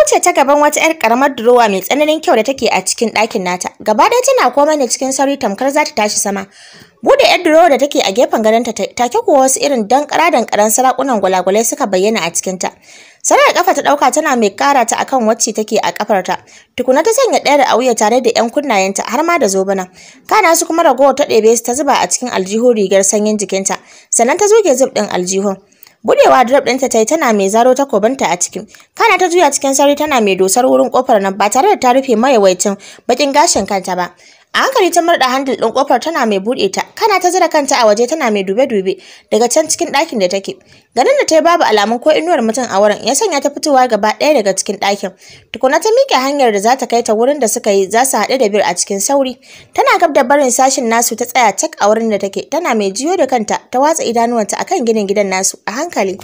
wuce ta gaban wata 'yar karamar durowa mai tsananin kyau da take a cikin ɗakin nata. Gaba ɗaya tana koma ne cikin sauri tamkar za ta tashi sama. Bude 'yar durowa da take a gefen gadonta take kuwa wasu irin dankara dankaran sarakunan gwalagwalai suka bayyana a cikinta. Sarar kafa ta ɗauka tana mai ƙara ta akan wacce take a kafarta. Tukuna ta sanya ɗaya da auya tare da 'yan kunnayenta har ma da zobana. Kana su kuma ragowar ta ɗebe su ta zuba a cikin aljihun rigar sanyin jikinta. Sannan ta zuge zub ɗin aljihun. Budewa drop ɗinta ta yi tana mai zaro takobinta a cikin. Kana ta juya cikin sauri tana mai dosar wurin kofar nan ba tare da ta rufe mayawaicin bakin gashin kanta ba. A hankali ta murɗa handil ɗin kofar tana mai buɗe ta, kana ta zira kanta a waje tana mai dube-dube daga can cikin dakin da take. Ganin da ta yi babu alamun ko inuwar mutum a wurin ya sanya ta fitowa gaba ɗaya daga cikin dakin. Tukuna ta miƙe hanyar da za ta kai ta wurin da suka yi za su haɗu da bir a cikin sauri. Tana gab da barin sashin nasu ta tsaya cak a wurin da take, tana mai jiyo da kanta ta watsa idanuwanta akan ginin gidan nasu a hankali.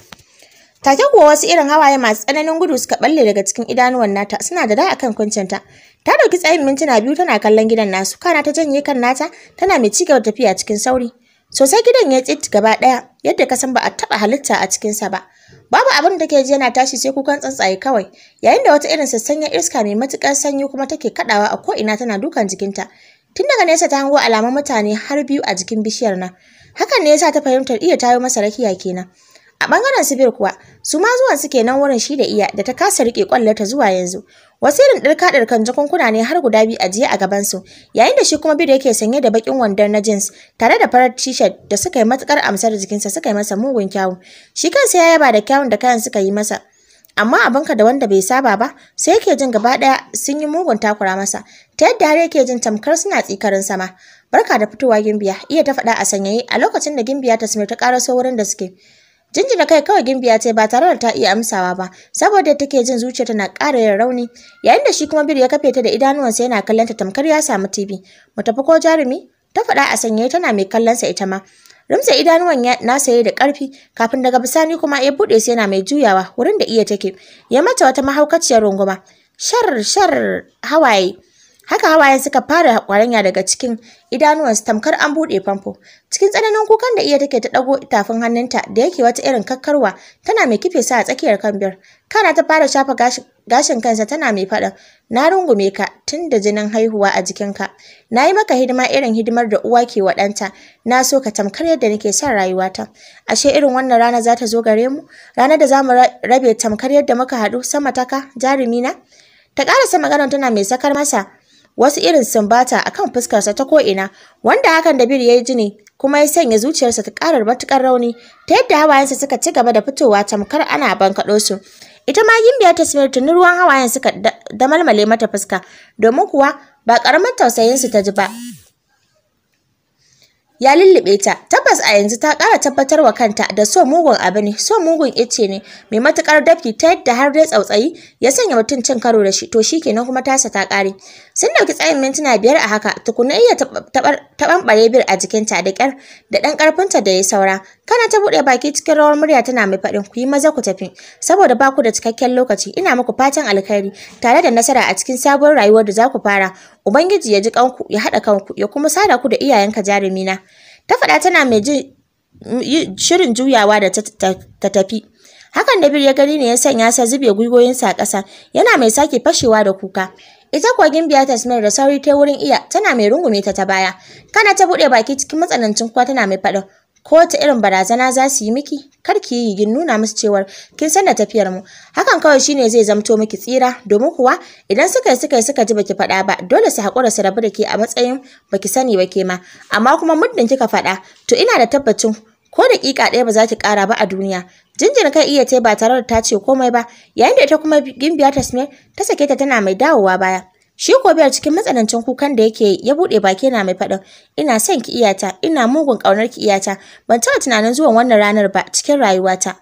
Take kuwa wasu irin hawaye masu tsananin gudu suka balle daga cikin idanuwan nata suna da da akan kuncinta. Ta dauki tsayin mintuna biyu tana kallon gidan nasu, kana ta janye kan nata, tana mai cigaba tafiya cikin sauri. Sosai gidan ya tsit gaba ɗaya, yadda ka san ba a taɓa halitta a cikin sa ba. Babu abin da take ji yana tashi sai kukan tsantsaye kawai, yayin da wata irin sassanya iska mai matukar sanyi kuma take kaɗawa a ko'ina tana dukan jikinta. Tun daga nesa ta hango alamun mutane har biyu a jikin bishiyar nan. Hakan ne yasa ta fahimtar iya tayo masa rakiya kenan. A bangaren Sibir kuwa, su ma zuwan suke nan wurin shi da iya da ta kasa rike kwallo ta zuwa yanzu. Wasu irin ɗirka-ɗirkan jakunkuna ne har guda biyu ajiye a gabansu, yayin da shi kuma biyu yake sanye da baƙin wandon na jeans tare da farar t-shirt da suka yi matuƙar amsar jikinsa suka yi masa mugun kyawu. Shi kansa ya yaba da kyawun da kayan suka yi masa. Amma abinka da wanda bai saba ba, sai yake jin gaba ɗaya sun yi mugun takura masa, ta yadda har yake jin tamkar suna tsikarin sama. Barka da fitowa Gimbiya, iya ta faɗa a sanyaye a lokacin da Gimbiya ta Smith ta ƙaraso wurin da suke. Jinjina kai kawai Gimbiya ce ba tare da ta iya amsawa ba, saboda take jin zuciyarta na ƙara yin rauni, yayin da shi kuma biri ya kafe ta da idanuwansa yana kallon ta tamkar ya samu TV. Mu tafi ko jarumi? Ta faɗa a sanye tana mai kallon sa ita ma. Rumsa idanuwan na saye da ƙarfi kafin daga bisani kuma ya buɗe sai yana mai juyawa wurin da iya take. Ya mata wata mahaukaciyar runguma. Shar shar hawaye. Haka hawayen suka fara kwaranya daga cikin idanuwansu tamkar an buɗe famfo. Cikin tsananin kukan da iya take ta ɗago tafin hannunta da yake wata irin kakkarwa tana mai kife sa a tsakiyar kambiyar. Kana ta fara shafa gashin kansa tana mai faɗa. Na rungume ka tun da jinin haihuwa a jikinka. Na yi maka hidima irin hidimar da uwa ke waɗanta Na so ka tamkar yadda nake son rayuwata. Ashe irin wannan rana za ta zo gare mu? Ranar da za mu rabe tamkar yadda muka haɗu sama taka na. Ta ƙarasa maganar tana mai sakar masa wasu irin sumbata a kan fuskarsa ta ko'ina, wanda hakan da bir ya yi jini kuma ya sanya zuciyarsa ta karar matukar rauni, ta yadda hawayensa suka ci gaba da fitowa tamkar ana bankaɗo su. Ita ma gimbiyar ta tuni ruwan hawayen suka damalmale mata fuska, domin kuwa ba ƙaramin su ta ji ba. ya lullube ta tabbas a yanzu ta kara tabbatar wa kanta da so mugun abu ne so mugun ice ne mai matukar dafi ta yadda har dai tsautsayi ya sanya mutum cin karo da shi to shikenan kuma tasa ta kare. Sun ɗauki tsayin mintuna biyar a haka tukuna iya taɓanɓare bir a jikinta da kyar. da ɗan ƙarfinta da ya saura. Kana ta buɗe baki cikin rawar murya tana mai faɗin ku yi maza ku tafi saboda ba ku da cikakken lokaci ina muku fatan alkhairi tare da nasara a cikin sabon rayuwar da za ku fara. Ubangiji ya ji kanku ya haɗa kanku ya kuma sada ku da iyayenka jarumi na. Ta faɗa tana mai shirin juyawa da ta tafi. Hakan da bir ya gani ne ya sanya sa zube gwiwoyinsa a ƙasa yana mai sake fashewa da kuka. Ita kuwa Gimbiya Smith da sauri ta wurin iya tana mai rungume ta ta baya. Kana ta buɗe baki cikin matsanancin kuwa tana mai faɗin ko ta irin barazana za su yi miki kar ki yi gin nuna musu cewar kin san da tafiyar mu hakan kawai shine zai zamto miki tsira domin kuwa idan suka yi suka yi suka ji baki faɗa ba dole su haƙura su rabu da ke a matsayin baki sani ba ke ma amma kuma muddin kika faɗa to ina da tabbacin ko daƙiƙa ɗaya ba za ki ƙara ba a duniya jinjina kai iya ce ba tare da ta ce komai ba yayin da ita kuma gimbiya ta tasmir ta sake ta tana mai dawowa baya Shi ko biyar cikin matsanancin kukan da yake ya buɗe baki yana mai faɗin ina son ki iyata ina mugun ƙaunar ki iyata ban taɓa tunanin zuwan wannan ranar ba cikin rayuwata.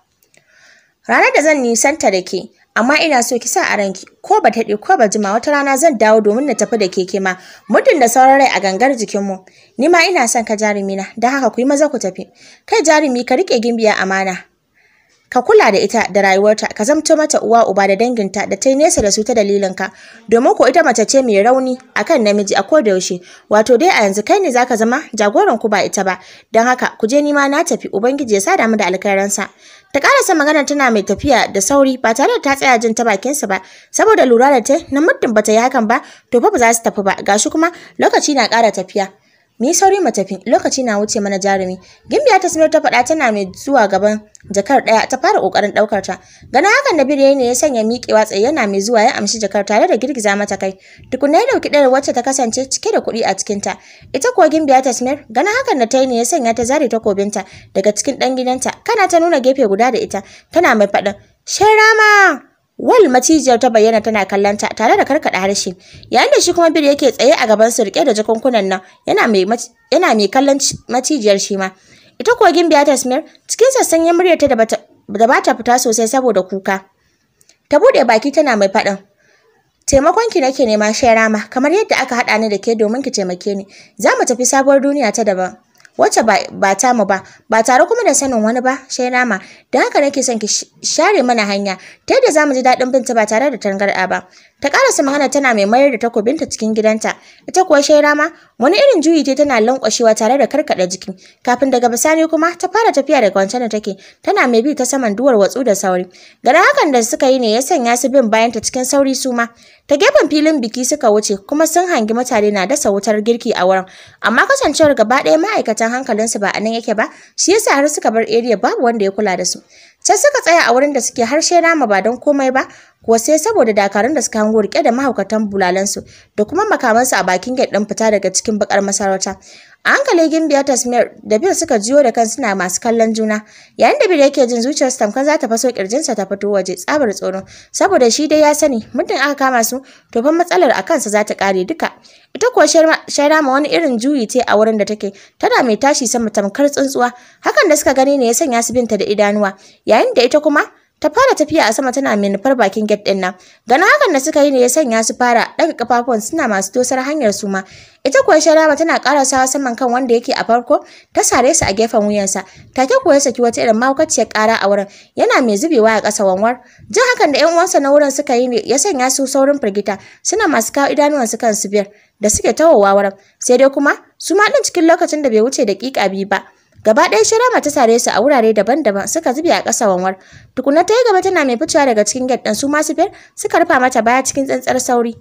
Ranar da zan nisanta da ke amma ina so ki sa a ranki ko ba taɗe ko ba jima wata rana zan dawo domin na tafi da keke ma muddin da sauran rai a gangar jikinmu ni ma ina son ka jarumi na da haka ku yi maza ku tafi kai jarumi ka riƙe gimbiya amana ka kula da ita da rayuwarta ka zamto mata uwa uba da danginta da ta nesa da su ta dalilinka domin ko ita mace ce mai rauni akan namiji a koda yaushe wato dai a yanzu kai ne zaka zama jagoran ku ba ita ba don haka ku je nima na tafi ubangiji ya sada mu da alkairansa ta karasa magana tana mai tafiya da sauri ba tare da ta tsaya jin ta bakinsa ba saboda lura da ta na muddin bata yi hakan ba to fa ba za su tafi ba gashi kuma lokaci na ƙara tafiya Mi sauri mu tafi lokaci na wuce mana jarumi gimbiya ta ta faɗa tana mai zuwa gaban jakar ɗaya ta fara ƙoƙarin ɗaukar ta gana hakan da biriyai ne ya sanya miƙewa tsaye yana mai zuwa ya amshi jakar tare da girgiza mata kai tukunna ya ɗauki ɗayar wacce ta kasance cike da kuɗi a cikinta ita kuwa gimbiya ta gana hakan da ta yi ne ya sanya ta zare takobinta daga cikin ɗan gidanta kana ta nuna gefe guda da ita tana mai faɗin sherama Wal macijiyar ta bayyana tana kallon tare da karkada harshe. Yayin da shi kuma Bir yake tsaye a gaban su da jakunkunan nan, yana mai yana mai kallon macijiyar shi ma. Ita kuwa Gimbiya Tasmir cikin sassan ya murya ta da bata fita sosai saboda kuka. Ta bude baki tana mai faɗin. Taimakon ki nake nema Sherama. kamar yadda aka haɗa ni da ke domin ki taimake ni. Za mu tafi sabuwar duniya ta daban. wacce ba ta mu ba ba tare kuma da sanin wani ba shai nama da haka nake son ki share mana hanya ta yadda mu ji daɗin binta ba tare da tangarɗa ba Ta karasa magana tana mai mayar da takobinta cikin gidanta. Ita kuwa shaira ma wani irin juyi ce tana lankwashewa tare da karkada jiki. Kafin daga bisani kuma ta fara tafiya daga wancan da take. Tana mai bi ta saman duwar watsu da sauri. gara hakan da suka yi ne ya sanya su bin bayanta cikin sauri su ma. Ta gefen filin biki suka wuce kuma sun hangi mutane na dasa wutar girki a wurin. Amma kasancewar gaba ɗaya ma'aikatan hankalin su ba a nan yake ba, shi yasa har suka bar area babu wanda ya kula da su. Sai suka tsaya a wurin da suke harshe shaida ma ba don komai ba, kuwa sai saboda dakarun da suka hango rike da mahaukatan bulalansu da kuma makamansu a bakin gate din fita daga cikin bakar masarauta. A hankali Gimbiya Tasmir da Bill suka jiyo da kan suna masu kallon juna, yayin da Bill yake jin zuciyarsa tamkar za ta faso kirjinsa ta fito waje tsabar tsoro, saboda shi dai ya sani muddin aka kama su to fa matsalar a kansa za ta kare duka. Ita kuwa ma wani irin juyi ce a wurin da take, tana mai tashi sama tamkar tsuntsuwa, hakan da suka gani ne ya sanya su binta da idanuwa, yayin da ita kuma Ta fara tafiya a sama tana mai bakin gate din nan. Ganin hakan da suka yi ne ya sanya su fara ɗaga kafafuwan suna masu tosar hanyar su ma. Ita kuwa sharaba tana sawa saman kan wanda yake a farko, ta sare su a gefen wuyansa. Take kuwa ya saki wata irin mahaukaciyar ƙara a wurin, yana mai zubewa a ƙasa wanwar. Jin hakan da 'yan uwansa na wurin suka yi ne ya sanya su saurin firgita, suna masu kawo idanuwansu kan su biyar da suke tawowa wurin. Sai dai kuma, su ma ɗin cikin lokacin da bai wuce daƙiƙa biyu ba. Gaba ɗaya Shirama mata tare su a wurare daban-daban suka zube a ƙasa wanwar. Tukuna ta yi gaba tana mai fitowa daga cikin gate ɗin su masu biyar suka rufa mata baya cikin tsantsar sauri.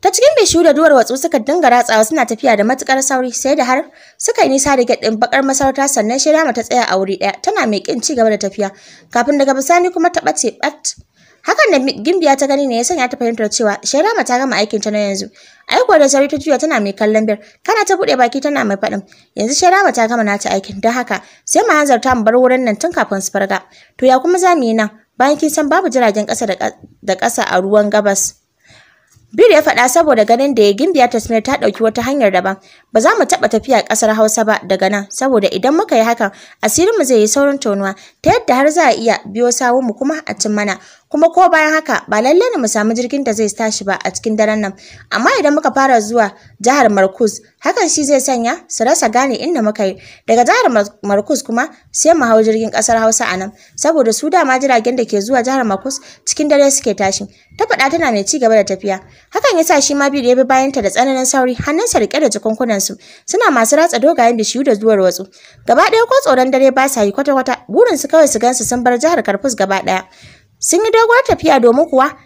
Ta cikin bai da duwar watsu suka dinga ratsawa suna tafiya da matukar sauri sai da har suka yi nisa da gate ɗin bakar masarauta sannan Shirama ta tsaya a wuri ɗaya tana mai ƙin ci gaba da tafiya kafin daga bisani kuma ta ɓace ɓat. Hakan da Gimbiya ta gani ne ya sanya ta fahimtar cewa Shairama ta gama aikin ta na yanzu. Ai da sauri ta juya tana mai kallon bir, kana ta buɗe baki tana mai faɗin. Yanzu Shairama ta gama nata aikin don haka sai mu hanzarta mu bar wurin nan tun kafin su farga. To ya kuma za mu yi nan? Bayan kin san babu jiragen ƙasa da kasa a ruwan gabas. Bir ya fada saboda ganin da ya gimbiya Tasmir ta ɗauki wata hanyar daban. Ba za mu taba tafiya kasar Hausa ba daga nan, saboda idan muka yi hakan, asirinmu zai yi saurin tonuwa, ta yadda har za a iya biyo sawunmu kuma a cin mana. kuma ko bayan haka ba lallai ne mu samu jirgin da zai tashi ba a cikin daren nan amma idan muka fara zuwa jihar Markus hakan shi zai sanya su rasa gane inda muka yi daga jihar Markus kuma sai mu hau jirgin kasar Hausa a nan saboda su dama jiragen da ke zuwa jihar Markus cikin dare suke tashi ta faɗa tana mai ci gaba da tafiya hakan ya sa shi ma biyu da ya bi bayanta da tsananin sauri hannunsa rike da jikunkunan su suna masu ratsa dogayen bishiyu da zuwar wasu gaba ɗaya ko tsoron dare ba sa yi kwata-kwata burin su kawai su gansu sun bar jihar Karfus gaba ɗaya Sun yi doguwar tafiya domin kuwa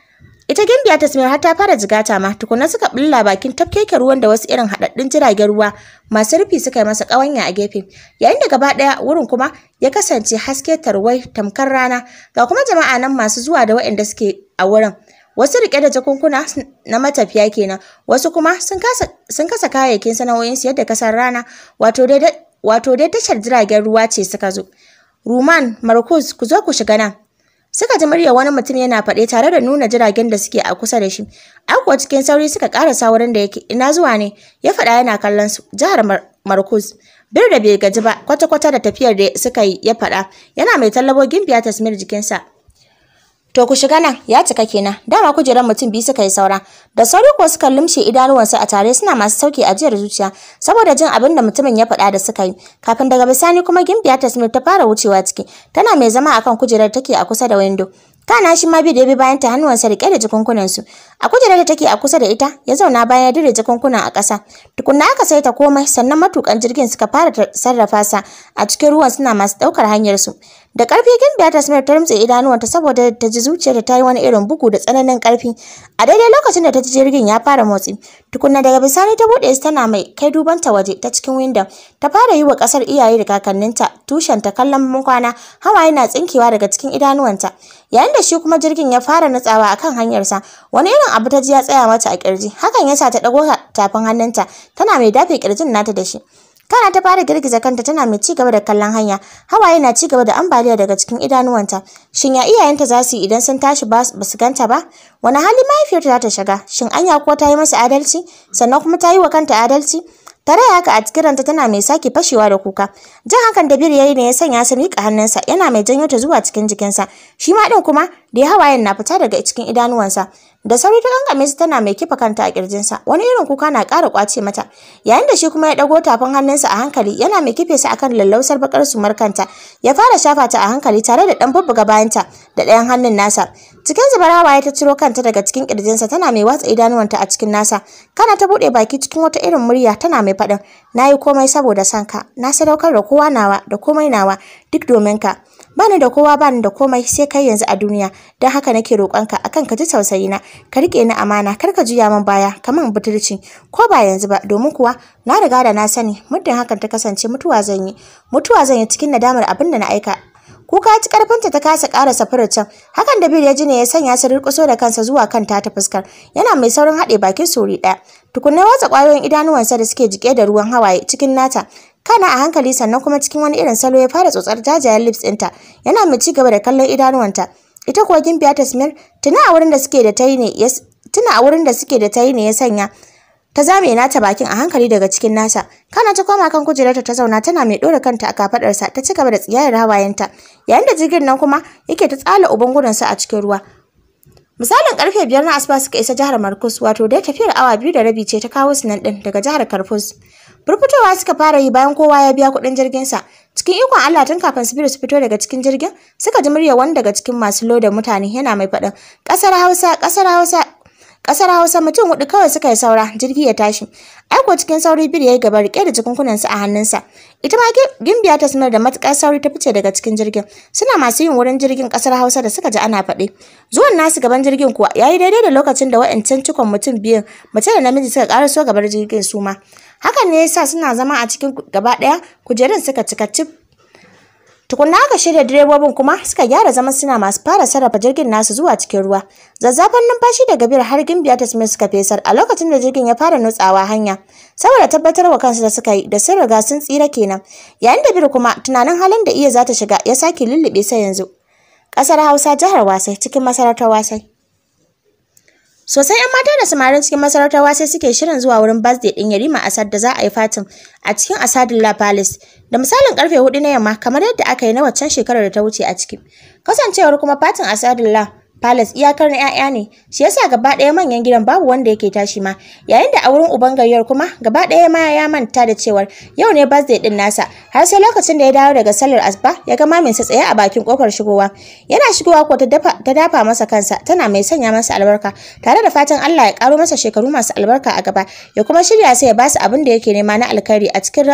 ita gimbiya tasmiyar har ta fara jigata ma tukuna suka bulla bakin tafkeke ruwan da wasu irin haɗaɗɗun jiragen ruwa masu rufi suka yi masa ƙawanya a gefe yayin da gaba ɗaya wurin kuma ya kasance haske tarwai tamkar rana ga kuma jama'a nan masu zuwa da waɗanda suke a wurin wasu riƙe da jakunkuna na matafiya kenan wasu kuma sun kasa kayayyakin sana'o'insu yadda kasar rana wato dai wato dai tashar jiragen ruwa ce suka zo Ruman Markus ku zo ku shiga nan Suka ji muryar wani mutum yana faɗe tare da nuna jiragen da suke a kusa da shi. Akuwa cikin sauri suka ƙarasa wurin da yake ina zuwa ne ya faɗa yana kallon su jihar Markus," Bir da bai gaji ba kwata-kwata da tafiyar da suka yi ya faɗa yana mai tallabo gimbiya tasmir jikinsa. To ku shiga nan, ya cika kenan. Dama kujerar mutum biyu suka yi saura. Da sauri kuwa suka lumshe idanuwansu a tare suna masu sauki ajiyar zuciya saboda jin abin da mutumin ya faɗa da suka yi. Kafin daga bisani kuma Gimbiya Tasmir ta fara wucewa ciki. Tana mai zama akan kujerar take a kusa da windo. Kana shi ma bi da bi bayan ta hannuwansa rike da su A kujerar da take a kusa da ita, ya zauna bayan ya dire jikunkunan a ƙasa. Tukunna aka sai ta komai sannan matukan jirgin suka fara sarrafa sa a cikin ruwan suna masu ɗaukar hanyarsu. Da ƙarfi Gimbiya ta Smith ta rumtse idanuwanta saboda ta ji zuciyar ta yi wani irin bugu da tsananin karfi A daidai lokacin da ta ji jirgin ya fara motsi, tukunna daga bisani ta buɗe su tana mai kai dubanta waje ta cikin window Ta fara yi wa ƙasar iyaye da kakanninta ta kallon kwana Hawa yana tsinkewa daga cikin idanuwanta. Yayin da shi kuma jirgin ya fara nutsawa akan kan hanyarsa, wani irin abu ta ji ya tsaya mata a kirji Hakan ya sa ta ɗago tafin hannunta, tana mai dafe kirjin nata da shi. kana ta fara girgiza kanta tana mai ci gaba da kallon hanya. Hawaye na ci gaba da ambaliya daga cikin idanuwanta. Shin ya iyayenta za su yi idan sun tashi ba su ganta ba? Wani hali mahaifiyarta za ta shiga? Shin anya ko ta yi masa adalci? Sannan kuma ta yi wa kanta adalci? Tare haka a cikin ranta, tana mai sake fashewa da kuka. Jan hakan da biri yi ne ya sanya su miƙa hannunsa yana mai janyo ta zuwa cikin jikinsa. Shi ma ɗin kuma da hawayen na fita daga cikin idanuwansa. Da sauri ta kankame su tana mai kifa kanta a kirjinsa, wani irin kuka na kara kwace mata, yayin da shi kuma ya ɗago tafin hannunsa a hankali yana mai kife su akan lallausar bakar sumar kanta, ya fara shafa ta a hankali tare da ɗan bubbuga bayanta da ɗayan hannun nasa. Cikin zubar ya ta ciro kanta daga cikin kirjinsa tana mai watsa idanuwanta a cikin nasa, kana ta buɗe baki cikin wata irin murya tana mai faɗin, na yi komai saboda sanka, na sadaukar da kowa nawa da komai nawa duk domin ka. bani da kowa bani da komai sai kai yanzu a duniya don haka nake roƙonka akan ka ji tausayina ka riƙe ni amana kar ka juya min baya kaman butulci ko ba yanzu ba domin kuwa na riga da na sani muddin hakan ta kasance mutuwa zan yi mutuwa zan yi cikin nadamar abin da na aika kuka ci karfinta ta kasa kara safarar can hakan da bir ya ji ne ya sanya su rirkuso da kansa zuwa kan ta ta fuskar yana mai saurin haɗe bakin sori ɗaya tukunna watsa ƙwayoyin idanuwansa da suke jike da ruwan hawaye cikin nata kana a hankali sannan kuma cikin wani irin salo ya fara tsotsar jajayen lips ɗinta yana mai ci gaba da kallon idanuwanta ita kuwa gimbiya tasmir tuna a wurin da suke da tayi ne ya tuna a wurin da suke da tayi ne ya sanya ta zame nata bakin a hankali daga cikin nasa kana ta koma kan kujerarta ta zauna tana mai ɗora kanta a kafaɗarsa ta ci gaba da tsiyayar hawayenta yayin da jirgin nan kuma yake ta tsala uban a cikin ruwa Misalin karfe biyar na asuba suka isa jihar Markus wato dai tafiyar awa biyu da rabi ce ta kawo su nan din daga jihar Karfus. Furfutowa suka fara yi bayan kowa ya biya kuɗin jirgin sa Cikin ikon Allah tun kafin su su fito daga cikin jirgin suka ji murya wani daga cikin masu loda mutane yana mai faɗin ƙasar Hausa ƙasar Hausa Ƙasar Hausa mutum hudu kawai suka yi saura jirgi ya tashi. Aiko cikin sauri biri ya yi gaba rike da su a hannunsa. Ita ma gimbiya ta sanar da matuƙar sauri ta fice daga cikin jirgin. Suna masu yin wurin jirgin kasar Hausa da suka ji ana faɗe. Zuwan nasu gaban jirgin kuwa ya yi daidai da lokacin da wa'ancan cikon mutum biyun mace da namiji suka ƙaraso gabar jirgin su ma. Hakan ne ya sa suna zama a cikin gaba ɗaya kujerun suka cika cif Tukunna aka shirya direbobin kuma suka gyara zaman suna masu fara sarrafa jirgin nasu zuwa cikin ruwa. Zazzafan numfashi daga biyar har gimbiya ta Smith suka fesar a lokacin da jirgin ya fara nutsawa hanya. Saboda tabbatar wa kansu da suka yi da sun riga sun tsira kenan. Yayin da biyar kuma tunanin halin da iya za ta shiga ya sake lullube sai yanzu. Ƙasar Hausa jihar Wasai cikin masarautar Wasai. Sosai 'yan mata da samarin cikin masarautar sai suke shirin zuwa wurin birthday ɗin Yarima Asad da za a yi fatin a cikin Asadullah Palace da misalin karfe hudu na yamma kamar yadda aka yi na waccan shekarar da ta wuce a ciki. Kasancewar kuma fatin Asadullah Palace iyakar na ƴaƴa ne, shi yasa gaba ɗaya manyan gidan babu wanda yake tashi ma, yayin da a wurin uban gayyar kuma gaba ɗaya ma ya manta da cewar yau ne birthday din nasa, har sai lokacin da ya dawo daga sallar asba ya ga maminsa tsaye a bakin kofar shigowa. Yana shigowa ko ta dafa masa kansa tana mai sanya masa albarka, tare da fatan Allah ya karo masa shekaru masu albarka a gaba, ya kuma shirya sai ya basu abin da yake nema na alkhairi a cikin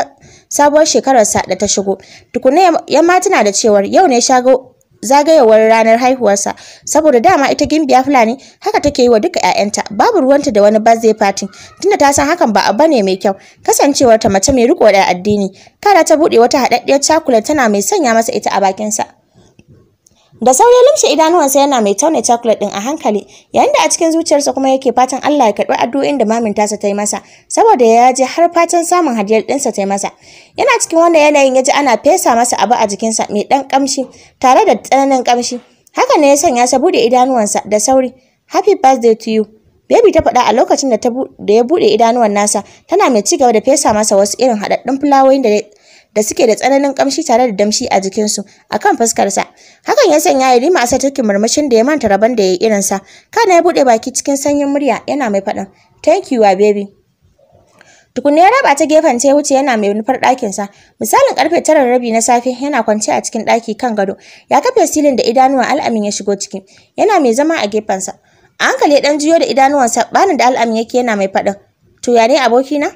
sabuwar shekararsa da ta shigo. Tukunna ya ma da cewar yau ne shago zagayowar ranar haihuwarsa saboda dama ita gimbiya fulani haka take yi wa duka 'ya'yanta babu ruwanta da wani birthday party tunda ta san hakan ba abu ne mai kyau kasancewar ta mace mai riƙo da addini kara ta buɗe wata haɗaɗɗiyar chocolate tana mai sanya masa ita a bakinsa Da sauri limshe idanuwansa yana mai taune chocolate din a hankali, yayin da a cikin zuciyarsa kuma yake fatan Allah ya karbi addu'o'in da mamin tasa ta yi masa, saboda ya je har fatan samun hadiyar ɗinsa ta yi masa. Yana cikin wannan yanayin ya ji ana fesa masa abu a jikinsa mai ɗan kamshi, tare da tsananin kamshi. Haka ne ya sanya sa buɗe idanuwansa da sauri. Happy birthday to you. Baby ta faɗa a lokacin da, ya buɗe idanuwan nasa, tana mai cigaba da fesa masa wasu irin haɗaɗɗun fulawoyin da da suke da tsananin kamshi tare da damshi a jikinsu a kan fuskarsa. Hakan ya sanya ya rima a tukin murmushin da ya manta rabon da ya yi irinsa. Kana ya buɗe baki cikin sanyin murya yana mai faɗin Thank you, ah, baby. Tukunna ya raba ta gefen ta wuce yana mai nufar ɗakinsa. Misalin karfe tara rabi na safe yana kwance a cikin ɗaki kan gado. Ya kafe silin da idanuwan al'amin ya shigo ciki. Yana mai zama a gefensa. A hankali ya ɗan jiyo da idanuwansa banin da al'amin yake yana mai faɗin. To ya ne abokina?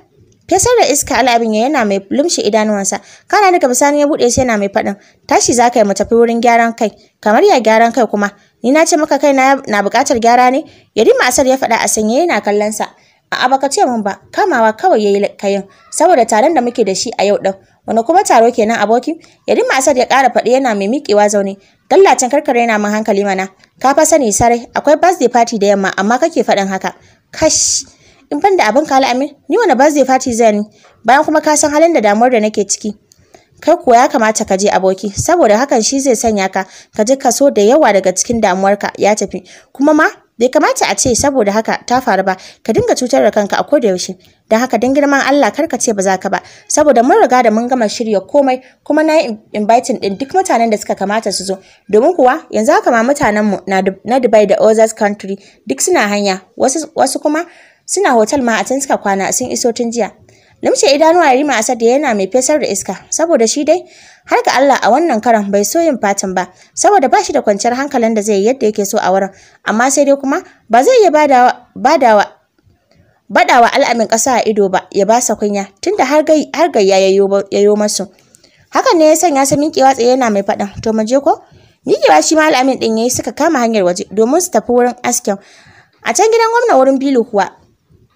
fesar da iska al'abin ya yana mai lumshi idanuwansa kana daga bisani ya bude sai yana mai faɗin tashi za mu tafi wurin gyaran kai kamar ya gyaran kai kuma ni na ce maka kai na buƙatar gyara ne yarima asar ya faɗa a sanye yana kallon sa A'a baka ce mun ba, kamawa kawai yayi kayan saboda taron da muke da shi a yau din. Wani kuma taro kenan abokin? Yarima asar ya kara faɗi yana mai mikewa zaune. Dallacin karkare yana min hankali mana. Ka fa sani sare, akwai birthday party da yamma amma kake fadin haka. Kash, in ban da abin kala amin ni wani ba zai fati zani bayan kuma ka san halin da damuwar da nake ciki kai kuwa ya kamata ka je aboki saboda hakan shi zai sanya ka ka ji kaso da yawa daga cikin damuwarka ya tafi kuma ma bai kamata a ce saboda haka ta faru ba ka dinga cutar da kanka a da yaushe don haka don girman Allah kar ka ce ba za ka ba saboda mun riga da mun gama shirya komai kuma na yi inviting din duk mutanen da suka kamata su zo domin kuwa yanzu haka ma mutanen mu na Dubai da others country duk suna hanya wasu kuma suna hotel ma a can suka kwana sun iso tun jiya limshe idanuwa Rima Asad yana mai fesar da iska saboda shi dai har ga Allah a wannan karan bai so yin fatin ba saboda ba shi da kwanciyar hankalin da zai yi yadda yake so a wurin amma sai dai kuma ba zai iya badawa badawa al'amin ƙasa a ido ba ya ba sa kunya tunda har gai har ya yayo masu hakan ne ya sanya sa miƙewa tsaye yana mai faɗan to mu je ko ba shi ma al'amin ɗin yayi suka kama hanyar waje domin su tafi wurin askin? a can gidan gwamna wurin bilu kuwa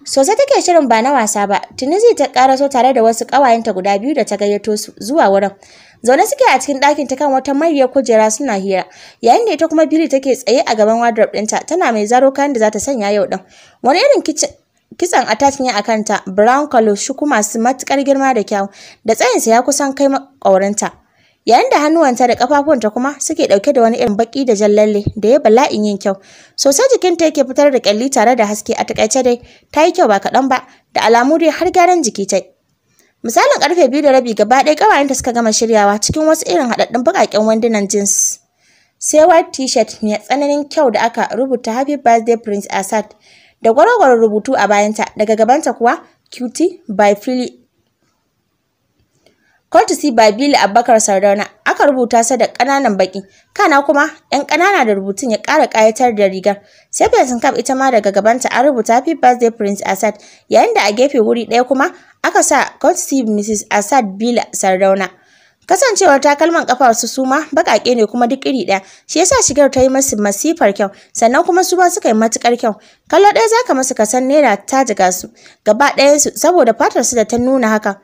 Sosai take shirin ba na wasa ba, tuni zai ta karaso tare da wasu ƙawayenta guda biyu da ta gayyato su zuwa wurin. Zaune suke a cikin ɗakin ta kan wata mariyar kujera suna hira, yayin da ita kuma biri take tsaye a gaban wardrobe ɗinta tana mai zaro kayan da za ta sanya yau ɗin. Wani irin kitchen kitsan attach ne a kanta, brown color shi kuma su matuƙar girma da kyau, da tsayinsa ya kusan kai maƙaurinta. yayin da hannuwanta da kafafunta kuma suke ɗauke da wani irin baƙi da jan lalle da ya bala'in yin kyau sosai jikinta yake fitar da ƙyalli tare da haske a taƙaice dai ta yi kyau ba kaɗan ba da alamu dai har gyaran jiki ta misalin ƙarfe biyu da rabi gaba ɗaya ƙawayenta suka gama shiryawa cikin wasu irin haɗaɗɗun baƙaƙen wandunan jeans sai white t-shirt mai tsananin kyau da aka rubuta happy birthday prince asad da gwaro-gwaro rubutu a bayanta daga gabanta kuwa cutie by philly courtesy by Billy bakar Sardauna aka rubuta sa da kananan baki, kana kuma ƴan kanana da rubutun ya ƙara ƙayatar da rigar sai Benson ita ma daga gabanta an rubuta Happy Birthday Prince Asad yayin da a gefe wuri ɗaya kuma aka sa courtesy Mrs Asad Billy Sardauna Kasancewar takalman ƙafa su suma bakake ne kuma duk iri ɗaya, shi yasa shigar ta yi masu masifar kyau, sannan kuma su ba suka yi matukar kyau. Kallo ɗaya za ka masu kasan naira ta jiga su, gaba su saboda fatar su da ta nuna haka.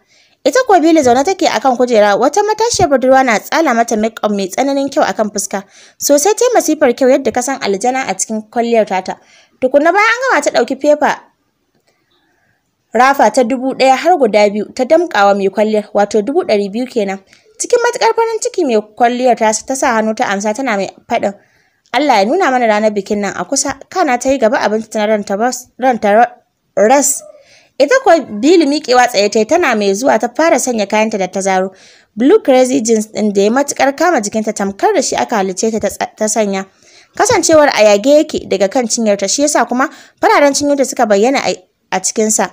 Ita kuwa zaune take akan kujera, wata matashiyar budurwa na tsala mata makeup mai tsananin kyau akan fuska. Sosai ta masifar kyau yadda ka san aljana a cikin kwalliyar tata. Tukunna bayan an gama ta ɗauki fefa rafa ta dubu ɗaya har guda biyu ta damƙawa mai kwalliyar, wato dubu ɗari biyu kenan. Cikin matuƙar farin ciki mai kwalliyar ta sa hannu ta amsa tana mai faɗin. Allah ya nuna mana ranar bikin nan a kusa, kana ta yi gaba abinci ta ranta ras. Ita kuwa Bill miƙewa tsaye ta tana mai zuwa ta fara sanya kayanta da ta Blue crazy jeans ɗin da ya matuƙar kama jikinta tamkar da shi aka halice ta ta sanya. Kasancewar a yage yake daga kan cinyarta shi yasa kuma fararen cinyarta suka bayyana a cikinsa.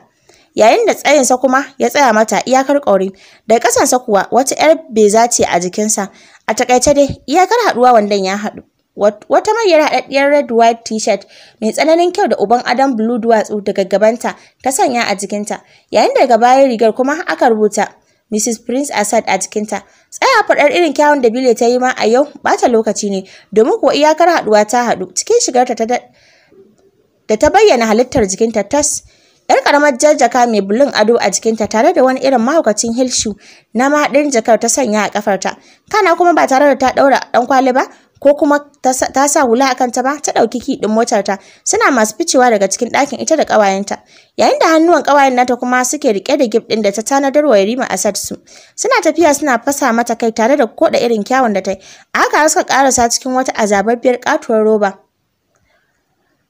Yayin da tsayinsa kuma ya tsaya mata iyakar ƙauri, daga ƙasansa kuwa wata 'yar beza ce a jikinsa. A takaice dai iyakar haɗuwa wandon ya haɗu. wata mayar haɗaɗɗiyar red white t-shirt mai tsananin kyau da uban adam blue duwatsu daga gabanta ta sanya a jikinta yayin daga bayan rigar kuma aka rubuta Mrs. Prince Asad" a jikinta. Tsaya faɗar irin kyawun da Bile ta yi ma a yau bata lokaci ne, domin kuwa iyakar haɗuwa ta haɗu cikin shigarta ta da ta bayyana halittar jikinta tas. ‘Yar ƙaramar jajjaka mai bulun ado a jikinta tare da wani irin mahaukacin hilshu na mahaɗin jakar ta sanya a kafarta Kana kuma ba tare da ta ɗaura ɗan kwali ba, ko kuma ta sa hula a kanta ba ta ɗauki ki ɗin motarta suna masu ficewa daga cikin ɗakin ita da ƙawayenta yayin da hannuwan ƙawayen nata kuma suke riƙe da gif ɗin da ta tanadar wa Yarima Asad su suna tafiya suna fasa mata kai tare da koɗa irin kyawun da ta yi a haka suka ƙarasa cikin wata azababbiyar ƙatuwar roba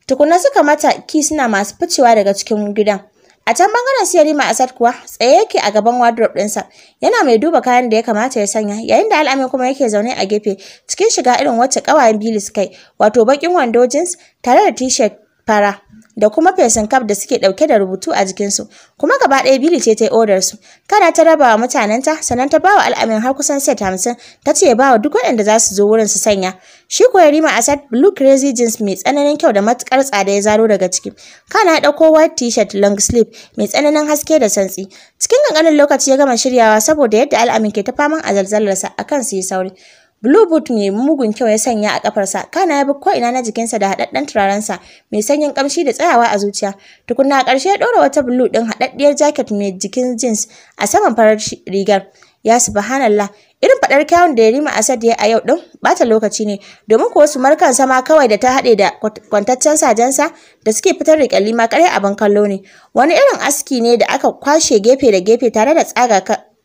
tukuna suka mata ki suna masu ficewa daga cikin gidan A can bangaren su Yarima Asad kuwa tsaye yake a gaban wardrobe ɗinsa, yana mai duba kayan da ya kamata ya sanya, yayin da Al'amin kuma yake zaune a gefe cikin shiga irin wacce ƙawayen Billy suka wato baƙin wando jeans tare da t-shirt fara. da kuma fesin kaf da suke dauke da rubutu a jikin su kuma gaba ɗaya Billy ce ta yi odar su. Kana ta rabawa wa mutanenta, sannan ta bawa al'amin har kusan set hamsin, ta ce bawa duk waɗanda za su zo wurin su sanya. Shi ko rima Asad blue crazy jeans mai tsananin kyau da matukar tsada ya zaro daga ciki. Kana ya ɗauko white t-shirt long sleeve mai tsananin haske da santsi. Cikin ƙanƙanin lokaci ya gama shiryawa saboda yadda al'amin ke ta faman a zalzalarsa akan su yi sauri. Blue boot mai mugun kyau ya sanya a kafarsa, kana ya bi ko'ina na jikinsa da haɗaɗɗen turarensa, mai sanyin kamshi da tsayawa a zuciya. Tukunna a ƙarshe ya ɗora wata blue ɗin haɗaɗɗiyar jacket mai jikin jeans a saman farar rigar. Ya subhanallah, irin faɗar kyawun da ya Yarima Asad ya a yau ɗin bata lokaci ne, domin kuwa su markan sama kawai da ta haɗe da kwantaccen sajensa da suke fitar da ƙyalli ma ƙarya abin kallo ne. Wani irin aski ne da aka kwashe gefe da gefe tare da tsaga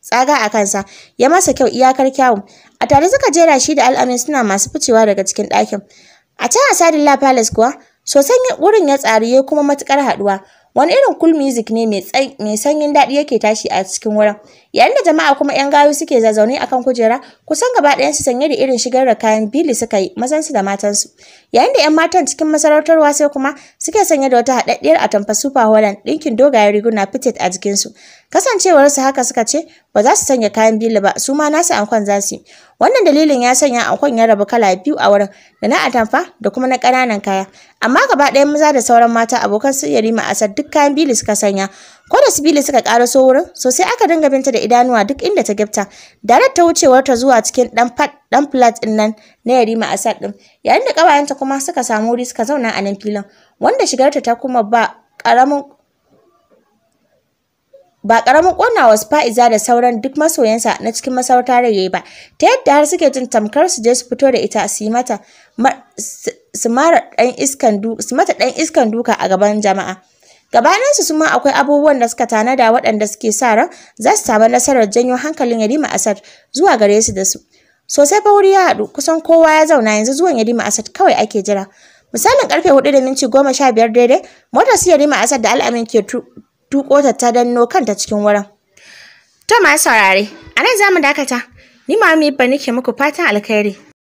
tsaga a kansa ya masa kyau iyakar kyawun A tare suka jera shi da al'amin suna masu ficewa daga cikin ɗakin. A can La Palace kuwa, sosan wurin ya tsari ya kuma matukar haɗuwa. Wani irin cool music ne mai sanyin daɗi yake tashi a cikin wurin. yayin da jama'a kuma 'yan gayu suke zazzaune akan kujera kusan gaba su sanye da irin shigar da kayan bili suka yi mazan su da matansu yayin da 'yan matan cikin masarautarwa sai kuma suke sanye da wata haɗaɗɗiyar atamfa super holland ɗinkin dogayen riguna fitted a jikin jikinsu su haka suka ce ba za su sanya kayan bili ba su ma nasu ankon za su wannan dalilin ya sanya ankon ya rabu kala biyu a wurin da na atamfa da kuma na ƙananan kaya amma gaba ɗayan maza da sauran mata abokan su yarima asar duk kayan bili suka sanya Ko da Sibili suka so wurin, sosai aka dinga binta da idanuwa duk inda ta gifta. da ta wucewar ta zuwa cikin ɗan dan flat ɗin nan na Yarima Asad ɗin. Yayin da ƙawayenta kuma suka samu wuri suka zauna a nan filin, wanda shigarta ta kuma ba karamin ba ƙaramin ƙonawa Fa'iza da sauran duk masoyansa na cikin masarauta rai ba, ta yadda har suke jin tamkar su je su fito da ita su yi mata su mata ɗan iskan duka a gaban jama'a. Gabaninsu su ma akwai abubuwan da suka tanada waɗanda suke sa ran za su samu nasarar janyo hankalin Yarima Asad zuwa gare su da su. Sosai fa wuri ya haɗu kusan kowa ya zauna yanzu zuwan Yarima Asad kawai ake jira. Misalin karfe hudu da minti goma sha biyar daidai, motar su Yarima Asad da Al'amin ke tuko ta ta danno kanta cikin wurin. To ma saurare, a nan za mu dakata. Ni ma mu yi nake muku fatan alkhairi.